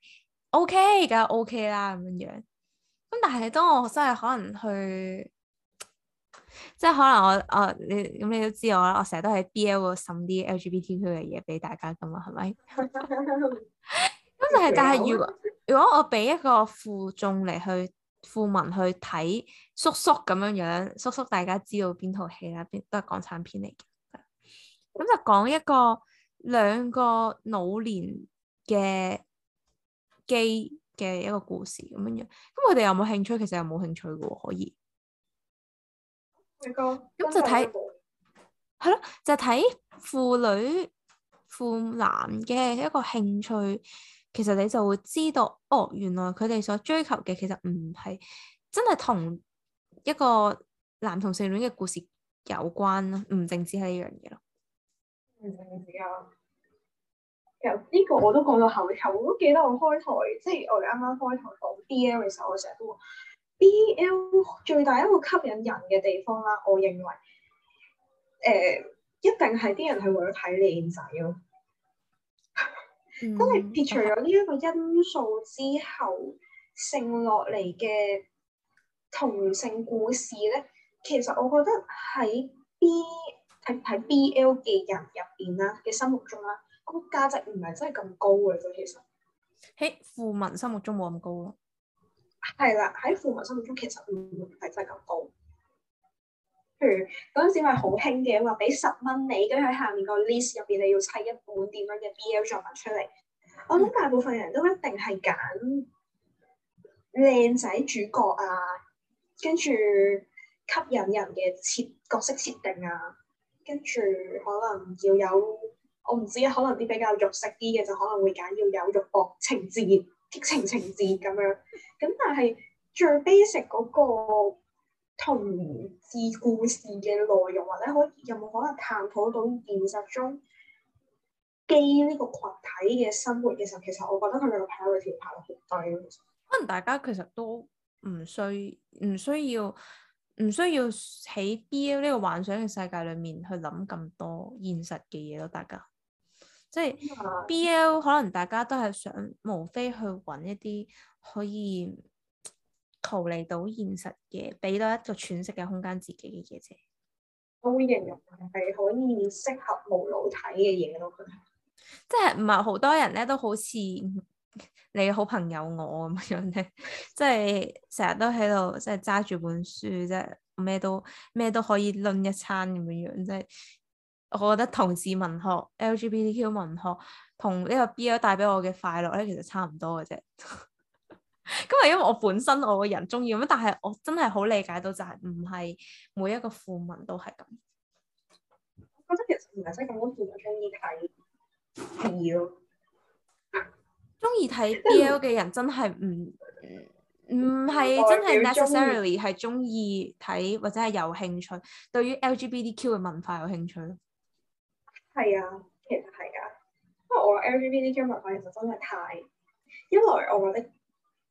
O K 梗係 O K 啦咁樣樣。咁但係當我真係可能去，即係可能我我你咁你都知我啦，我成日都喺 B L 度滲啲 L G B T Q 嘅嘢俾大家噶嘛，係咪？咁就係但係如果 [LAUGHS] 如果我俾一個腐眾嚟去腐民去睇叔叔咁樣樣，叔叔大家知道邊套戲啦？邊都係港產片嚟嘅。咁就講一個。兩個老年嘅記嘅一個故事咁樣樣，咁佢哋有冇興趣？其實有冇興趣嘅，可以。咁就睇係咯，就睇腐女腐男嘅一個興趣，其實你就會知道，哦，原來佢哋所追求嘅其實唔係真係同一個男同性戀嘅故事有關咯，唔淨止係呢樣嘢咯。係啊，其實呢個我都講到口臭，我都記得我開台，即、就、係、是、我哋啱啱開台講 BL 嘅時候，我成日都 BL 最大一個吸引人嘅地方啦，我認為誒、呃、一定係啲人係為咗睇靚仔咯。咁你撇除咗呢一個因素之後，嗯、剩落嚟嘅同性故事咧，其實我覺得喺 B。喺喺 B L 嘅人入邊啦嘅心目中啦，個價值唔係真係咁高嘅。 [MUSIC] 其實喺富民心目中冇咁高咯，係啦，喺富民心目中其實唔係真係咁高。譬如嗰陣時係好興嘅，話俾十蚊你，跟喺下面個 list 入邊，你要砌一本點樣嘅 B L 作品出嚟。 [MUSIC] 我諗大部分人都一定係揀靚仔主角啊，跟住吸引人嘅設角色設定啊。跟住可能要有，我唔知啊，可能啲比較肉色啲嘅就可能會揀要有肉搏情節、激情情節咁樣，咁但係最 basic 嗰個同志故事嘅內容，或者可以有冇可能探討到現實中基呢個群體嘅生活嘅時候，其實我覺得佢哋嘅 priority 排得好低。可能大家其實都唔需唔需要。唔需要喺 BL 呢個幻想嘅世界裏面去諗咁多現實嘅嘢咯，大家即係、嗯、BL 可能大家都係想無非去揾一啲可以逃離到現實嘅，俾到一個喘息嘅空間自己嘅嘢啫。我會形容係可以適合無腦睇嘅嘢咯，佢 [LAUGHS] 即係唔係好多人咧都好似，你好朋友，我咁樣咧，即係成日都喺度，即係揸住本書，即係咩都咩都可以論一餐咁樣樣，即係我覺得同志文學、LGBTQ 文學同呢個 BL 帶俾我嘅快樂咧，其實差唔多嘅啫。咁係 [LAUGHS] 因為我本身我個人中意咁，但係我真係好理解到就係唔係每一個腐民都係咁。我真係成日真係咁樣同人哋一齊睇嘢。中意睇 BL 嘅人真係唔唔係真係 necessarily 係中意睇或者係有興趣，對於 LGBTQ 嘅文化有興趣咯。係啊，其實係啊，因為我 LGBTQ 文化其實真係太，因為我覺得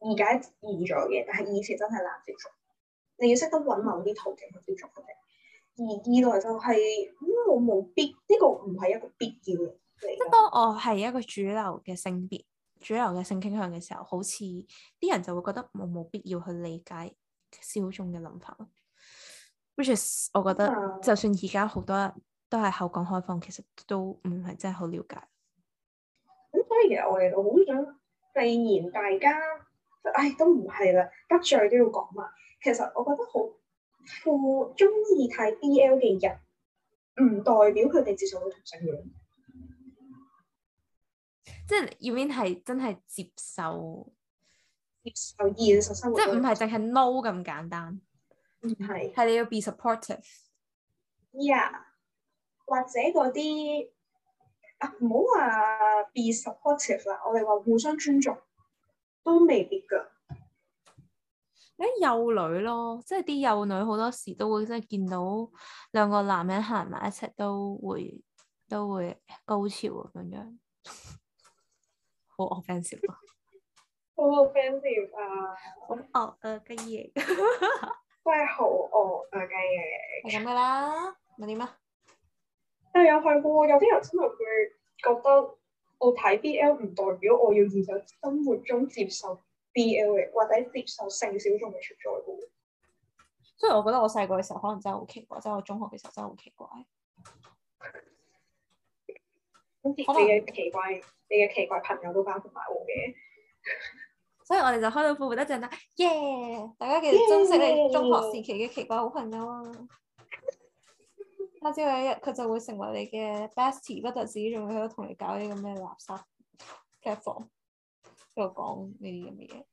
而家易咗嘅，但係以前真係難接觸，你要識得揾某啲途徑去接觸佢哋。而二來就係、是嗯、我冇必呢、呢個唔係一個必要嘅。不過我係一個主流嘅性別，主流嘅性傾向嘅時候，好似啲人就會覺得冇冇必要去理解小眾嘅諗法，which 我覺得就算而家好多都係口講開放，其實都唔係真係好了解。咁所以其實我哋好想既然大家，唉都唔係啦，得罪都要講嘛。其實我覺得好，鍾意睇 BL 嘅人唔代表佢哋至少會同性戀。即係要唔要係真係接受接受現實生活，即係唔係淨係 no 咁簡單？唔係是，係你要 be supportive。Yeah，或者嗰啲啊，唔好話 be supportive 啦，我哋話互相尊重都未必㗎。誒幼女咯，即係啲幼女好多時都會即係見到兩個男人行埋一齊都會都會高潮咁樣。好 offensive 喎！ [NOISE] 好 offensive 啊！ [LAUGHS] 好惡啊雞翼，真係好惡啊雞翼咁噶啦！咪點啊？但係又係喎、嗯，有啲人真係會覺得我睇 BL 唔代表我要現實生活中接受 BL 嘅，或者接受性小眾嘅存在嘅。所以我覺得我細個嘅時候可能真係好奇怪，即係我中學嘅時候真係好奇怪。咁你嘅奇怪， [MUSIC] 你嘅奇怪朋友都包括埋我嘅，所以我哋就開到腐腐得正啦，耶！ [MUSIC] yeah，大家記住珍惜你 Yeah 中，中學時期嘅奇怪好朋友啊，Yeah 他朝有一日佢就會成為你嘅 bestie，不單止仲會喺度同你搞啲咁嘅垃圾 platform，又講呢啲咁嘅嘢。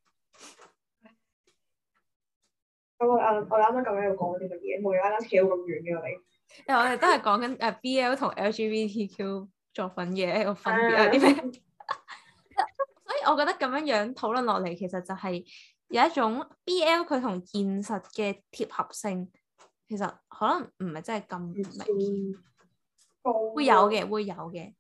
咁啊，我哋啱啱咁樣講，其實嘢，冇啦啦企咁遠嘅你，因為我哋都係講緊誒 BL 同 LGBTQ。作品嘅一個分別係啲咩？ [LAUGHS] [LAUGHS] 所以我覺得咁樣樣討論落嚟，其實就係有一種 BL 佢同現實嘅貼合性，其實可能唔係真係咁明顯。少會有嘅，會有嘅，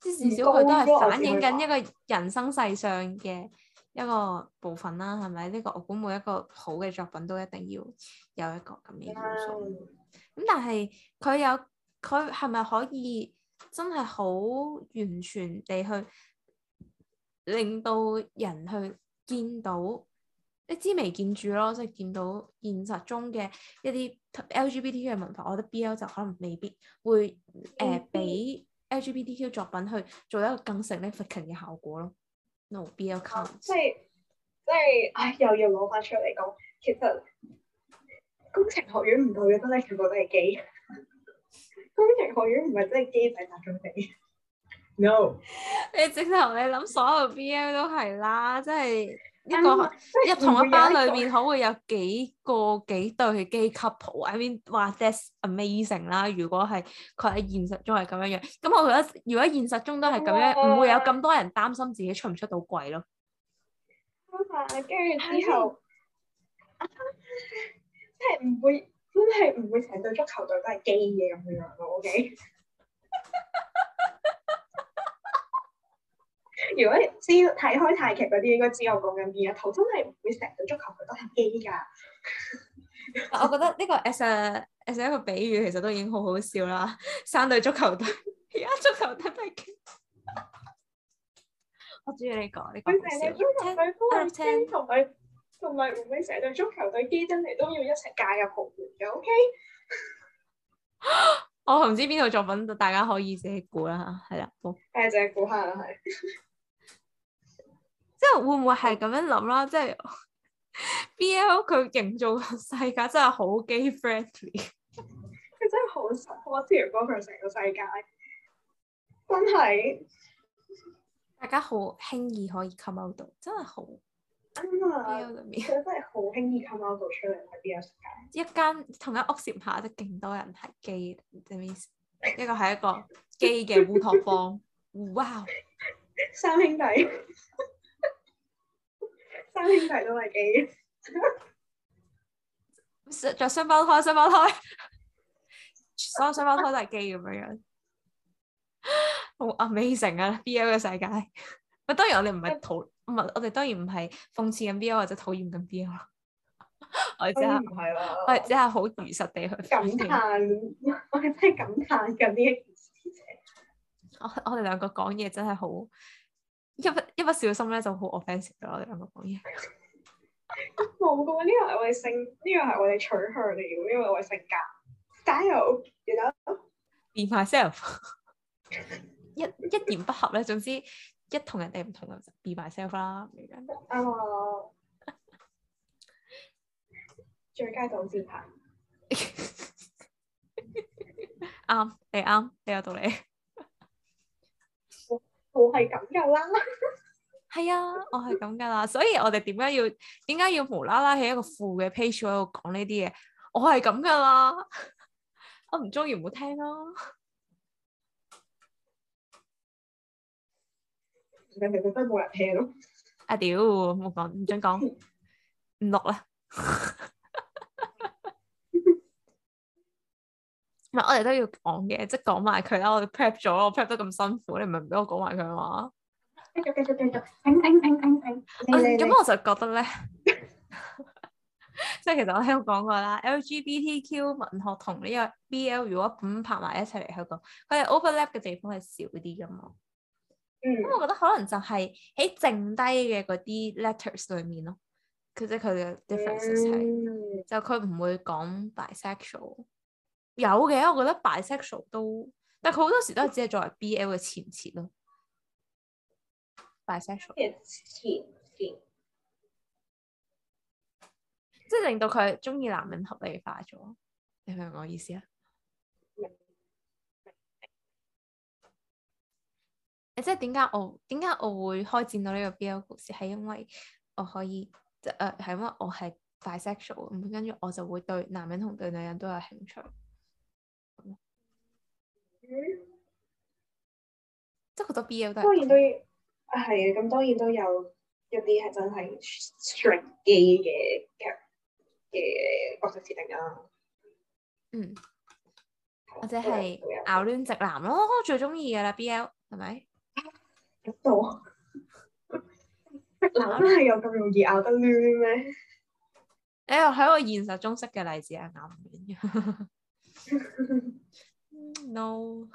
即至少佢都係反映緊一個人生世上嘅一個部分啦，係咪？呢個我估每一個好嘅作品都一定要有一個咁嘅要素。咁 Yeah. 但係佢有佢係咪可以？真係好完全地去令到人去見到一知微見著咯，即係見到現實中嘅一啲 LGBTQ 嘅文化。我覺得 BL 就可能未必會誒俾，呃、LGBTQ 作品去做一個更 successful 嘅效果咯。No, BL can't。即係即係，唉，又要攞翻出嚟講，其實工程學院唔對嘅，真係全部都係基。家庭學院唔係真係機仔搭咁肥。啊、no。你直頭你諗所有 BL 都係啦，即係一個一是同一班裏面，可能會有幾個幾對基 couple，I mean，哇，that's amazing 啦！如果係佢喺現實中係咁樣樣，咁我覺得如果現實中都係咁樣，唔、啊、會有咁多人擔心自己出唔出到櫃咯。跟住之後，即係唔會。真係唔會成隊足球隊都係基嘅咁樣咯，OK？ [LAUGHS] 如果知睇開泰劇嗰啲應該知我講緊邊啊？頭真係唔會成隊足球隊都係基㗎。 [LAUGHS] 我覺得呢個 as a as 一個比喻其實都已經好好笑啦。三隊足球隊，而家足球隊都係基、 [LAUGHS] 呢個。我中意你講，你講笑。ten, ten. 同埋會唔會成日對足球隊基真嚟都要一齊嫁入豪門嘅？O K，我唔知邊套作品，大家可以自己估啦嚇，係啦，誒 [LAUGHS] 就係估下係，即、就、係、是、會唔會係咁樣諗啦？即係 B L 佢營造世 [LAUGHS] [LAUGHS] 個世界真係好 gay friendly，佢真係好 positive，佢成個世界真係大家好輕易可以 come out 到，真係好。咁真係好輕易 come out 出嚟喺 BL 世界，一間同一屋檐下都勁多人係基 mean 一個係一個基嘅烏托邦。哇！三兄弟，三兄弟都係基，着雙胞胎，雙胞胎，所有雙胞胎都係基咁樣樣，好 Amazing 啊！BL 嘅世界，喂，當然我哋唔係圖。我哋當然唔係諷刺緊 BL 或者討厭緊 BL [LAUGHS] 我係真係，嗯、我哋真係好如實地去，感嘆，我哋真係感嘆緊呢一件事。我我哋兩個講嘢真係好一不一不小心咧，就好 offensive 咗。我哋兩個講嘢。冇噶， [LAUGHS] 呢個係我哋性，呢個係我哋取向嚟嘅，因為我哋性格。加油！a l 然後 be myself [LAUGHS] 一。一一言不合咧，總之。 [LAUGHS] 一同人哋唔同就 be myself 啦。啊個最佳導師牌，啱你，啱你有道理。我係咁噶啦，係啊，我係咁噶啦。所以我哋點解要點解要無啦啦喺一個負嘅 page 喺度講呢啲嘢？我係咁噶啦， [LAUGHS] 我唔中意唔好聽咯。其實真係冇人聽咯。阿屌，冇講，唔想講，唔落啦。唔係我哋都要講嘅，即係講埋佢啦。我 prep 咗，我 prep 得咁辛苦，你唔係唔俾我講埋佢啊嘛？繼續繼續繼續咁、嗯嗯 [LAUGHS] 嗯、我就覺得咧，即係 [LAUGHS] [LAUGHS] [LAUGHS] 其實我喺度講過啦，LGBTQ 文學同呢個 BL 如果咁拍埋一齊嚟，香港，佢哋 overlap 嘅地方係少啲噶嘛。咁、嗯、我覺得可能就係喺剩低嘅嗰啲 letters 裏面咯，佢即係佢嘅 differences 係，就佢、是、唔、嗯、會講 bisexual。有嘅，我覺得 bisexual 都，但係佢好多時都係只係作為 BL 嘅前設咯。bisexual 即係令到佢中意男人合理化咗，你明唔明我意思啊？即係點解我點解我會開展到呢個 BL 故事？係因為我可以即誒，係、呃、因為我係 bisexual，咁跟住我就會對男人同對女人都有興趣。嗯嗯、即係好多 BL 都係都係嘅，咁、啊、當然都有一啲係真係 straight gay 嘅嘅角色設定啊。嗯，或者係 o u 直男咯，我最中意噶啦 BL 係咪？得多，直男係 [LAUGHS] 有咁容易拗得攣咩？誒、欸，喺我現實中識嘅例子啊，拗唔明嘅。 [LAUGHS] [LAUGHS] no,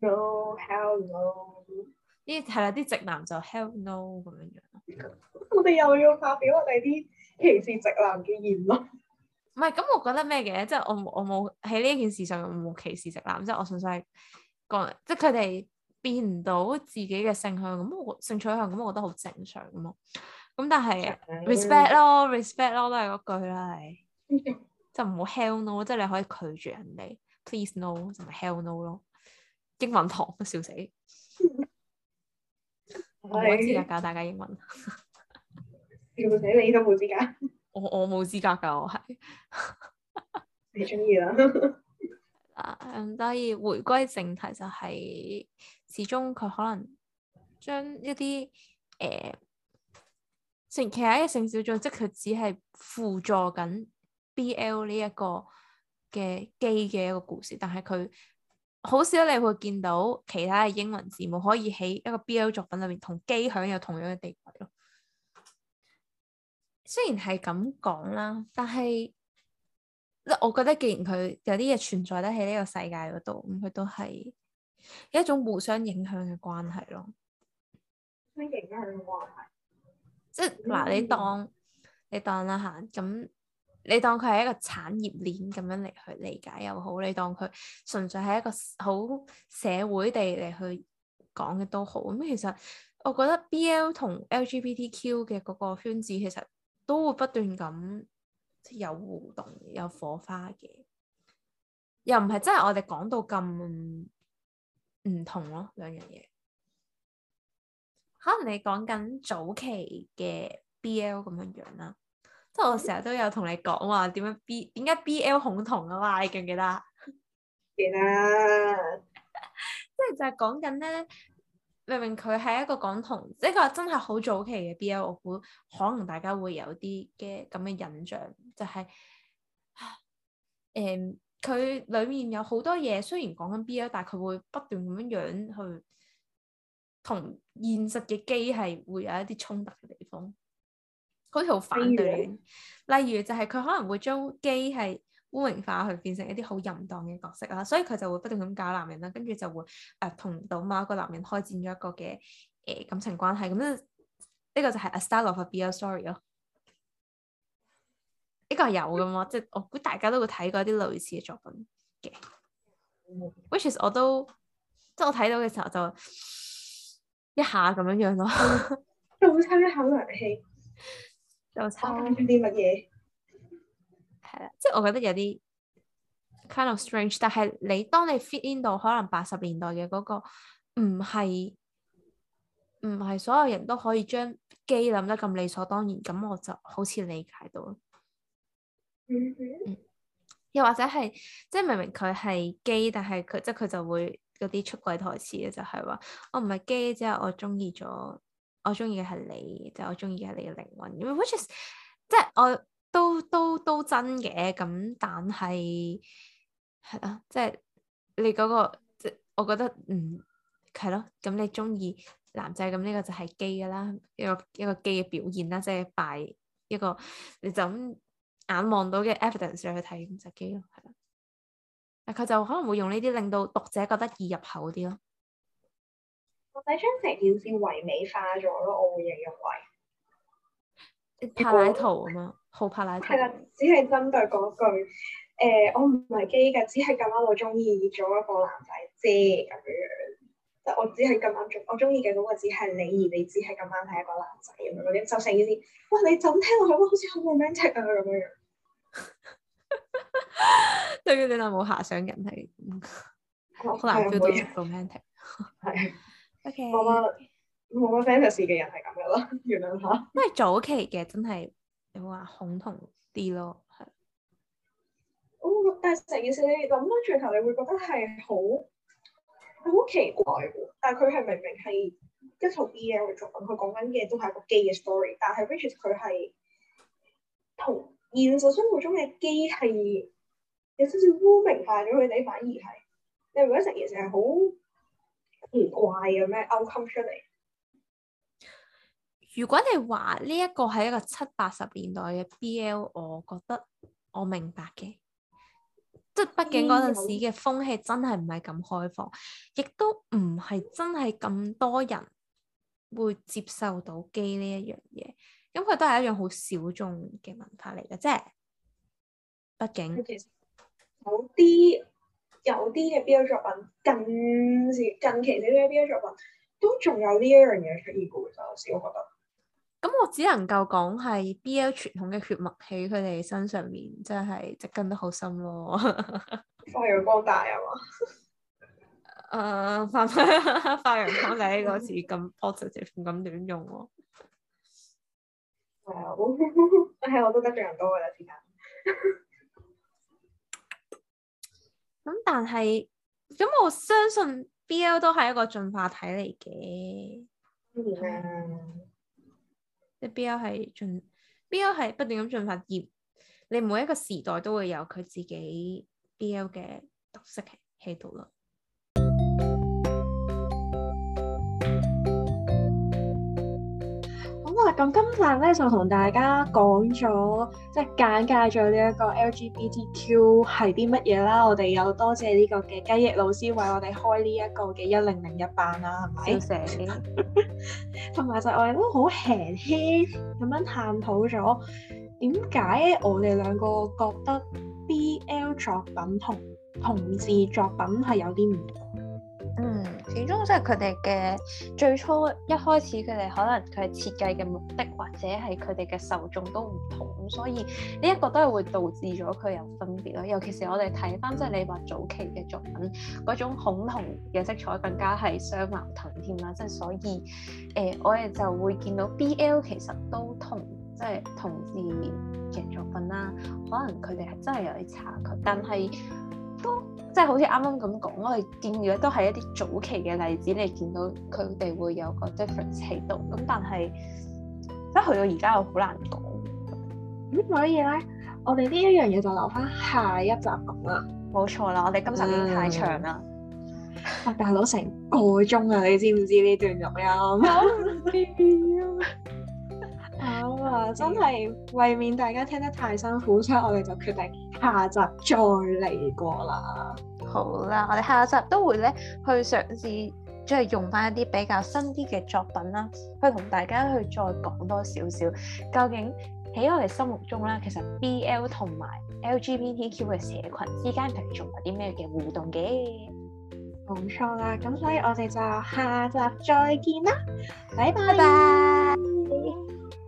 no, hell no、no.。啲係啊，啲直男就 hell no 咁樣樣。我哋又要發表我哋啲歧視直男嘅言論。唔係， [LAUGHS] 咁我覺得咩嘅？即、就、係、是、我我冇喺呢件事上，我冇歧視直男，即、就、係、是、我純粹係講，即係佢哋。見唔到自己嘅性向咁，我性取向咁，我覺得好正常咁實咯。咁但係 respect 咯，respect 咯，都係嗰句啦、 [LAUGHS] 係。就唔好 hell no，即係你可以拒絕人哋。Please no，就咪、是、hell no 咯。英文堂都笑死。 [LAUGHS] 我冇資格教大家英文。笑死 [LAUGHS] [LAUGHS] 你都冇資格。我我冇資格噶，我係。你中意啦。咁所以回歸正題就係、是。始終佢可能將一啲誒成其他嘅性小眾，即係佢只係輔助緊 BL 呢一個嘅基嘅一個故事，但係佢好少你會見到其他嘅英文字母可以喺一個 BL 作品裏面同基響有同樣嘅地位咯。雖然係咁講啦，但係即我覺得，既然佢有啲嘢存在得喺呢個世界嗰度，咁佢都係。一種互相影響嘅關係咯， [MUSIC] 即係嗱，你當 [MUSIC] 你當啦吓，咁你當佢係一個產業鏈咁樣嚟去理解又好，你當佢純粹係一個好社會地嚟去講嘅都好。咁其實我覺得 B L 同 L G B T Q 嘅嗰個圈子其實都會不斷咁有互動、有火花嘅，又唔係真係我哋講到咁。唔同咯，兩樣嘢，可能你講緊早期嘅 BL 咁樣樣啦，即係 [NOISE] 我成日都有同你講話點樣 B 點解 BL 恐同啊嘛，B, 啊你記唔記得？記得，即 [NOISE] 係 [LAUGHS] 就係講緊咧，明明佢係一個講同，即係佢真係好早期嘅 BL，我估可能大家會有啲嘅咁嘅印象，就係，是啊，嗯。佢裏面有好多嘢，雖然講緊 BL 啊，但係佢會不斷咁樣樣去同現實嘅基係會有一啲衝突嘅地方，好似好反對。例如，例如就係佢可能會將基係污名化，去變成一啲好淫蕩嘅角色啦，所以佢就會不斷咁搞男人啦，跟住就會誒同、呃、某一個男人開展咗一個嘅誒、呃、感情關係，咁樣呢、這個就係 A style of a BL story 啊。呢個係有嘅嘛，即係我估大家都會睇過啲類似嘅作品嘅。Mm hmm. Which is 我都即係我睇到嘅時候就一下咁樣樣咯，就 [LAUGHS] 抽一口涼氣，就抽啲乜嘢。係啊， [LAUGHS] 嗯、即係我覺得有啲 kind of strange 但。但係你當你 fit in 到可能八十年代嘅嗰、嗰個，唔係唔係所有人都可以將機諗得咁理所當然，咁我就好似理解到。嗯，又或者係即係明明佢係基，但係佢即係佢就會嗰啲出軌台詞嘅，就係話我唔係基，即係我中意咗我中意嘅係你，即係我中意嘅係你嘅靈魂。咁，which is, 即係我都都都真嘅，咁但係係啊，即係你嗰個即我覺得嗯係咯，咁你中意男仔咁呢個就係基㗎啦，一個一個基嘅表現啦，即係拜一個，你就咁。眼望到嘅 evidence 嚟去睇隻機咯，係啦，但佢就可能會用呢啲令到讀者覺得易入口啲咯。我睇張成件事唯美化咗咯，我會認為柏拉圖啊嘛，好柏拉圖係啦，只係針對嗰句誒，我唔係基噶，只係咁啱我中意咗一個男仔啫，咁樣樣，即我只係咁啱中我中意嘅嗰個只係你，而你只係咁啱係一個男仔咁樣嗰啲，就成件事哇，你怎聽落去都好似好 romantic 啊咁樣樣。對佢哋就冇遐想，人係好難 feel 到 romantic，係 O.K. 冇乜冇乜 fantasy 嘅人係咁樣咯， [LAUGHS] 原諒來下的。咁 [LAUGHS] 係早期嘅，真係有話恐同啲咯。哦，但係成件事你諗返轉頭，你會覺得係好好奇怪。但係佢係明明係一套 BL 嘅作品，佢講緊嘅都係一個 gay 嘅 story，但係 rich 佢係同。現實生活中嘅基係，有少少污名化咗佢哋，反而係你如果成件事係好奇怪嘅咩 outcome 出嚟。如果你話呢一個係一個七八十年代嘅 BL，我覺得我明白嘅。即係畢竟嗰陣時嘅風氣真係唔係咁開放，亦都唔係真係咁多人會接受到基呢一樣嘢。咁佢都係一種好小眾嘅文化嚟嘅，即係畢竟其實有啲有啲嘅 BL 作品近近期少少 BL 作品都仲有呢樣嘢出現嘅，真係我自覺得。咁、嗯、我只能夠講係 BL 傳統嘅血脈喺佢哋身上面，真係紮根得好深咯， [LAUGHS] 發揚光大啊嘛！啊， [LAUGHS] [LAUGHS] 發發揚光大呢個咁 positive，唔敢用喎。係啊，但係 [LAUGHS] 我都得罪人多噶啦，時 [LAUGHS] 間。咁但係，咁我相信 B L 都係一個進化體嚟嘅。嗯，即 B L 係進，B L 係不斷咁進化業，你每一個時代都會有佢自己 B L 嘅特色喺度囉。咁今日咧就同大家講咗，即係簡介咗呢一個 LGBTQ 係啲乜嘢啦。我哋有多謝呢個嘅雞翼老師為我哋開呢一個嘅一零零一班啦，係咪？多謝。同埋就係我哋都好 hea 添，咁樣探討咗點解我哋兩個覺得 BL 作品同同志作品係有啲唔同。嗯，始終即係佢哋嘅最初一開始，佢哋可能佢係設計嘅目的或者係佢哋嘅受眾都唔同，咁所以呢一個都係會導致咗佢有分別咯。尤其是我哋睇翻即係你話早期嘅作品嗰種恐同嘅色彩更加係相矛盾添啦。即係所以，誒、呃、我哋就會見到 BL 其實都同即係、就是、同志嘅作品啦，可能佢哋係真係有啲差距，但係。都即係好似啱啱咁講，我哋見到都係一啲早期嘅例子，你見到佢哋會有個 difference 喺度。咁但係即係去到而家又好難講。咁所以咧，我哋呢一樣嘢就留翻下一集講啦。冇錯啦，我哋今集已經太長啦。哇！大佬成個鐘啊，你知唔知呢段錄音？好屌！好啊，嗯嗯、真係為免大家聽得太辛苦，所以我哋就決定下集再嚟過啦。好啦，我哋下集都會咧去嘗試即係用翻一啲比較新啲嘅作品啦，去同大家去再講多少少。究竟喺我哋心目中啦，其實 B L 同埋 L G B T Q 嘅社群之間其實仲有啲咩嘅互動嘅？冇錯啦，咁所以我哋就下集再見啦，拜拜 bye bye。Bye bye